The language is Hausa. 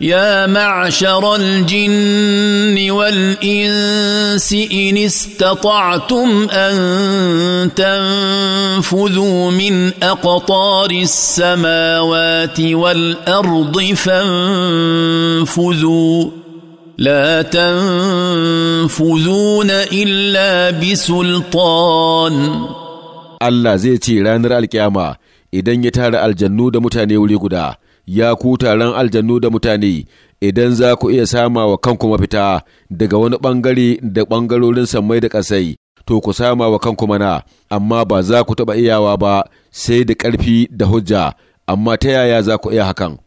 يا معشر الجن والانس ان استطعتم ان تنفذوا من اقطار السماوات والارض فانفذوا لا تنفذون الا بسلطان الله زي ranar alkiyama idan ya tara aljannu da mutane wuri guda ya ku taron aljannu da mutane idan za ku iya sama wa kanku mafita daga wani ɓangare da ɓangarorin sammai da ƙasai to ku sama wa kanku mana amma ba za ku taɓa iyawa ba sai da ƙarfi da hujja amma ta yaya za ku iya hakan